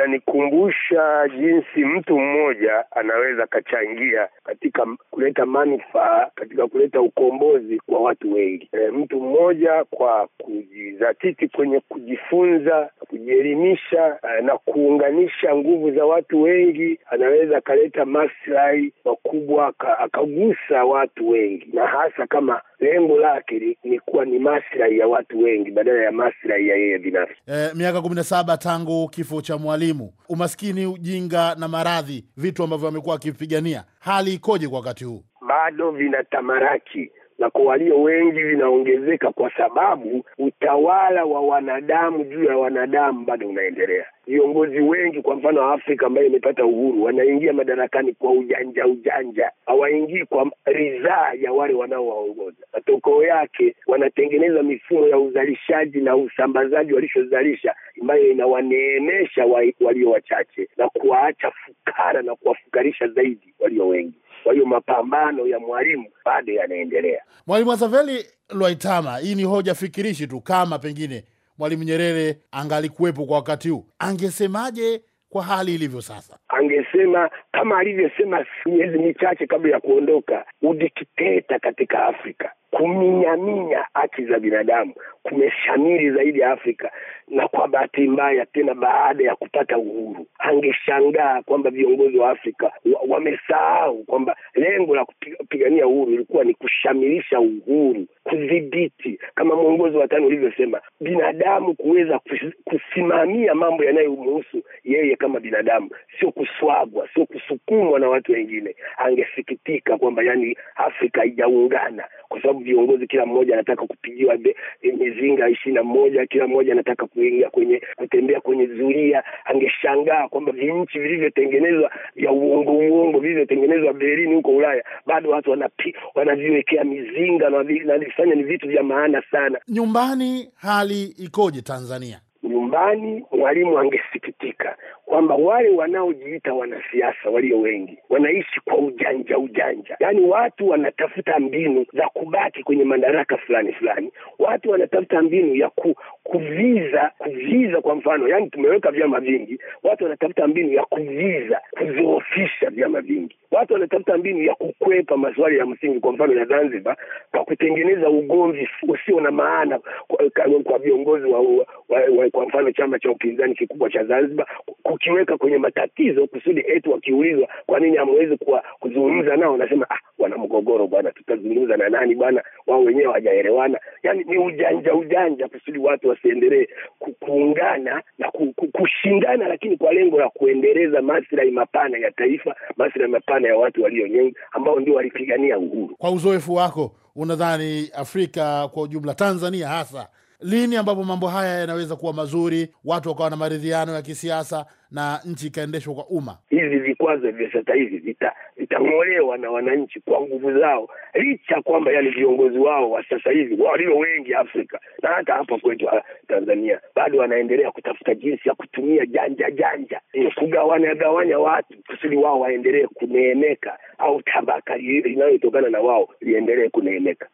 inanikumbusha jinsi mtu mmoja anaweza akachangia katika kuleta manufaa, katika kuleta ukombozi kwa watu wengi. E, mtu mmoja kwa kujizatiti kwenye kujifunza, kujielimisha e, na kuunganisha nguvu za watu wengi anaweza akaleta maslahi makubwa, akagusa watu wengi, na hasa kama lengo lake ni kuwa ni maslahi ya watu wengi badala ya maslahi ya yeye binafsi. E, miaka kumi na saba tangu kifo cha Mwalimu elimu, umaskini, ujinga na maradhi, vitu ambavyo amekuwa akivipigania. Hali ikoje kwa wakati huu? Bado vinatamaraki na kwa walio wengi vinaongezeka, kwa sababu utawala wa wanadamu juu ya wanadamu bado unaendelea. Viongozi wengi, kwa mfano wa Afrika ambayo imepata uhuru, wanaingia madarakani kwa ujanja ujanja, hawaingii kwa ridhaa ya wale wanaowaongoza. Matokeo yake wanatengeneza mifumo ya uzalishaji na usambazaji walishozalisha ambayo inawaneemesha walio wachache na kuwaacha fukara na kuwafukarisha zaidi walio wengi. Kwa hiyo mapambano ya mwalimu bado yanaendelea. Mwalimu Azaveli Lwaitama, hii ni hoja fikirishi tu, kama pengine Mwalimu Nyerere angalikuwepo kwa wakati huu, angesemaje kwa hali ilivyo sasa? Angesema kama alivyosema miezi michache kabla ya kuondoka, udikteta katika Afrika, kuminyaminya haki za binadamu kumeshamiri zaidi ya Afrika, na kwa bahati mbaya tena baada ya kupata uhuru. Angeshangaa kwamba viongozi wa Afrika wamesahau wa kwamba lengo la kupigania uhuru ilikuwa ni kushamirisha uhuru kudhibiti, kama mwongozo wa tano ulivyosema, binadamu kuweza kusimamia mambo yanayomhusu yeye kama binadamu, sio kuswagwa, sio kusukumwa na watu wengine. Angesikitika kwamba yani Afrika haijaungana kwa sababu viongozi, kila mmoja anataka kupigiwa mizinga ishirini na moja, kila mmoja anataka kuingia kwenye kutembea kwenye zulia. Angeshangaa kwamba vinchi vilivyotengenezwa vya vilivyotengenezwa Berlin huko Ulaya, bado watu wanapi, wanaviwekea mizinga na vifanya ni vitu vya maana sana. Nyumbani hali ikoje Tanzania? Nyumbani mwalimu angesikitika kwamba wale wanaojiita wanasiasa walio wengi wanaishi kwa ujanja ujanja, yaani watu wanatafuta mbinu za kubaki kwenye madaraka fulani fulani, watu wanatafuta mbinu ya ku, kuviza kuviza, kwa mfano, yani tumeweka vyama vingi, watu wanatafuta mbinu ya kuviza, kuzoofisha vyama vingi. Watu wanatafuta mbinu ya kukwepa maswali ya msingi, kwa mfano ya Zanzibar, kwa kutengeneza ugomvi usio na maana kwa viongozi wa, wa, wa, kwa mfano chama cha upinzani kikubwa cha Zanzibar, kukiweka kwenye matatizo kusudi eti wakiulizwa kwa nini hamwezi kuzungumza nao, wanasema ah, wana mgogoro bwana, tutazungumza na nani bwana? Wao wenyewe hawajaelewana. Yani ni ujanja ujanja kusudi watu wasiendelee kuungana na kushindana, lakini kwa lengo la kuendeleza maslahi mapana ya taifa, maslahi mapana ya watu walio nyingi, ambao ndio walipigania uhuru. Kwa uzoefu wako, unadhani Afrika kwa ujumla, Tanzania hasa lini ambapo mambo haya yanaweza kuwa mazuri, watu wakawa na maridhiano ya kisiasa na nchi ikaendeshwa kwa umma? Hivi vikwazo vya sasa hivi vitang'olewa na wananchi kwa nguvu zao, licha kwamba yale viongozi wao wa sasa hivi walio wengi Afrika na hata hapa kwetu ah, Tanzania bado wanaendelea kutafuta jinsi ya kutumia janja janja eh, kugawanya gawanya watu kusudi wao waendelee kuneemeka au tabaka linayotokana na wao liendelee kuneemeka.